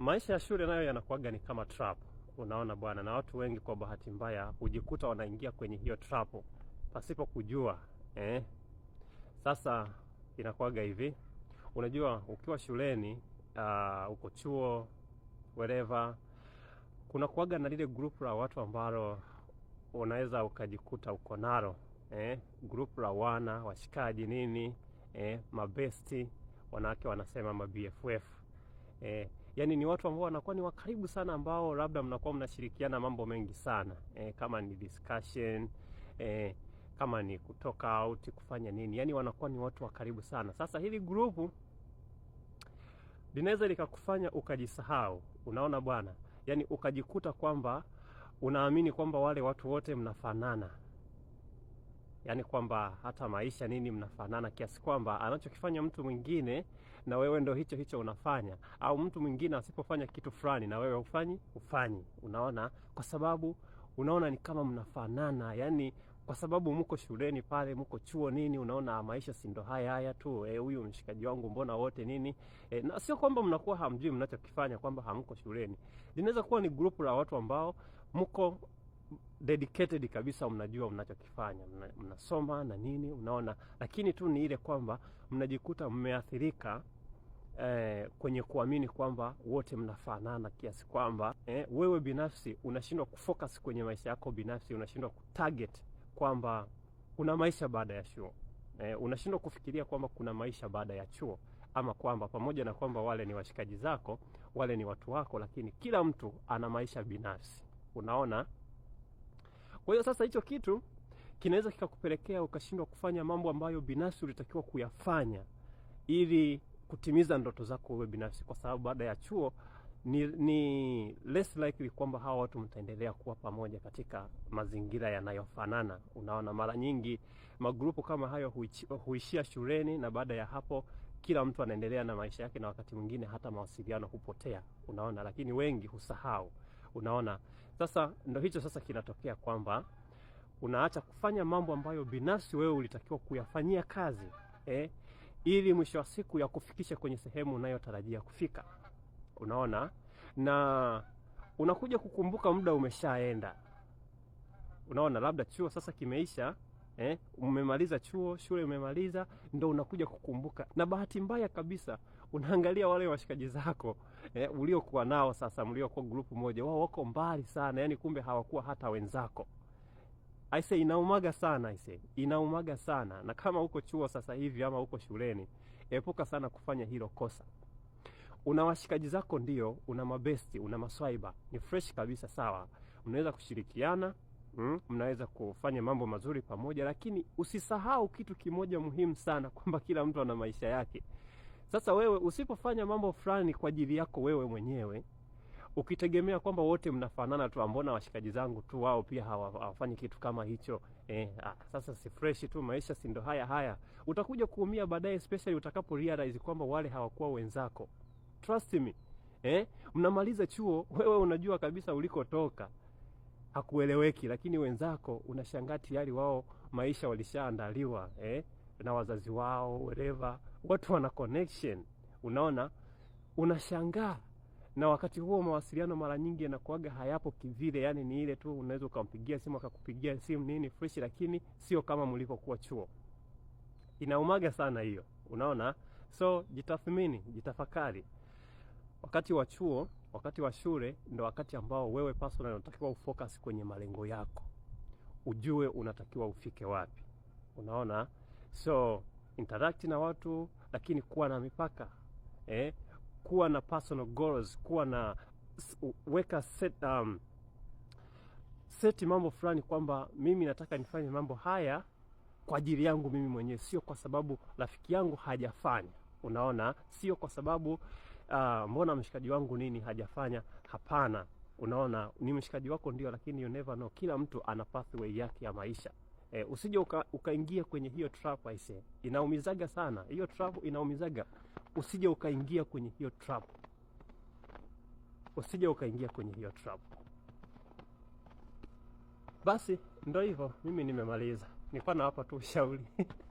Maisha ya shule nayo yanakuwaga ni kama trap, unaona bwana, na watu wengi kwa bahati mbaya hujikuta wanaingia kwenye hiyo trap pasipo kujua eh. Sasa inakuwaga hivi, unajua ukiwa shuleni uh, uko chuo wherever, kuna kuwaga na lile group la watu ambalo unaweza ukajikuta uko nalo eh, group la wana washikaji nini eh, mabesti, wanawake wanasema maBFF eh yani ni watu ambao wanakuwa ni wakaribu sana, ambao labda mnakuwa mnashirikiana mambo mengi sana e, kama ni discussion e, kama ni kutoka out kufanya nini, yani wanakuwa ni watu wakaribu sana. Sasa hili grupu linaweza likakufanya ukajisahau, unaona bwana, yani ukajikuta kwamba unaamini kwamba wale watu wote mnafanana yaani kwamba hata maisha nini, mnafanana kiasi kwamba anachokifanya mtu mwingine na wewe ndo hicho hicho unafanya, au mtu mwingine asipofanya kitu fulani na wewe ufanyi ufanyi. Unaona, kwa sababu unaona ni kama mnafanana, yani kwa sababu mko shuleni pale, mko chuo nini, unaona maisha si ndo haya haya tu, eh, huyu e, mshikaji wangu mbona wote nini e, na sio kwamba mnakuwa hamjui mnachokifanya kwamba hamko shuleni. Linaweza kuwa ni grupu la watu ambao mko dedicated kabisa, mnajua mnachokifanya, mnasoma na nini, unaona. Lakini tu ni ile kwamba mnajikuta mmeathirika eh, kwenye kuamini kwamba wote mnafanana kiasi kwamba eh, wewe binafsi unashindwa kufocus kwenye maisha yako binafsi, unashindwa kutarget kwamba kuna maisha baada ya chuo eh, unashindwa kufikiria kwamba kuna maisha baada ya chuo ama kwamba pamoja na kwamba wale ni washikaji zako, wale ni watu wako, lakini kila mtu ana maisha binafsi, unaona. Kwa hiyo sasa hicho kitu kinaweza kikakupelekea ukashindwa kufanya mambo ambayo binafsi ulitakiwa kuyafanya ili kutimiza ndoto zako wewe binafsi, kwa sababu baada ya chuo ni, ni less likely kwamba hawa watu mtaendelea kuwa pamoja katika mazingira yanayofanana. Unaona, mara nyingi magrupu kama hayo huishia shuleni na baada ya hapo kila mtu anaendelea na maisha yake, na wakati mwingine hata mawasiliano hupotea, unaona, lakini wengi husahau, unaona sasa ndo hicho sasa kinatokea kwamba unaacha kufanya mambo ambayo binafsi wewe ulitakiwa kuyafanyia kazi eh, ili mwisho wa siku ya kufikisha kwenye sehemu unayotarajia kufika. Unaona, na unakuja kukumbuka muda umeshaenda. Unaona, labda chuo sasa kimeisha eh, umemaliza chuo, shule umemaliza, ndo unakuja kukumbuka, na bahati mbaya kabisa unaangalia wale washikaji zako eh, uliokuwa nao sasa, mliokuwa grupu moja, wao wako mbali sana, yani kumbe hawakuwa hata wenzako. Aise, inaumaga sana aise, inaumaga sana. Na kama uko chuo sasa hivi ama uko shuleni, epuka sana kufanya hilo kosa. Una washikaji zako ndio, una mabesti, una maswaiba, ni fresh kabisa, sawa, mnaweza kushirikiana Mm, mnaweza kufanya mambo mazuri pamoja, lakini usisahau kitu kimoja muhimu sana, kwamba kila mtu ana maisha yake. Sasa wewe usipofanya mambo fulani kwa ajili yako wewe mwenyewe ukitegemea kwamba wote mnafanana tu, ambona washikaji zangu tu wao pia hawafanyi kitu kama hicho eh, ah, sasa si fresh tu maisha, si ndo haya haya, utakuja kuumia baadaye, especially utakapo realize kwamba wale hawakuwa wenzako. Trust me eh, mnamaliza chuo, wewe unajua kabisa ulikotoka hakueleweki, lakini wenzako unashangaa tayari wao maisha walishaandaliwa eh, na wazazi wao whatever watu wana connection, unaona, unashangaa na wakati huo mawasiliano mara nyingi yanakuaga hayapo kivile, yani ni ile tu unaweza ukampigia simu akakupigia simu nini fresh, lakini sio kama mlivyokuwa chuo. Inaumaga sana hiyo, unaona. So jitathmini, jitafakari. Wakati wa chuo, wakati wa shule ndo wakati ambao wewe personal unatakiwa ufocus kwenye malengo yako, ujue unatakiwa ufike wapi, unaona so interact na watu, lakini kuwa na mipaka eh, kuwa na personal goals, kuwa na weka set, um, seti mambo fulani kwamba mimi nataka nifanye mambo haya kwa ajili yangu mimi mwenyewe, sio kwa sababu rafiki yangu hajafanya. Unaona, sio kwa sababu uh, mbona mshikaji wangu nini hajafanya. Hapana, unaona, ni mshikaji wako ndio, lakini you never know. Kila mtu ana pathway yake ya maisha. E, usije uka, ukaingia kwenye hiyo trap aise. Inaumizaga sana. Hiyo trap inaumizaga. Usije ukaingia kwenye hiyo trap. Usije ukaingia kwenye hiyo trap. Basi ndio hivyo, mimi nimemaliza. Nilikuwa nawapa tu ushauri.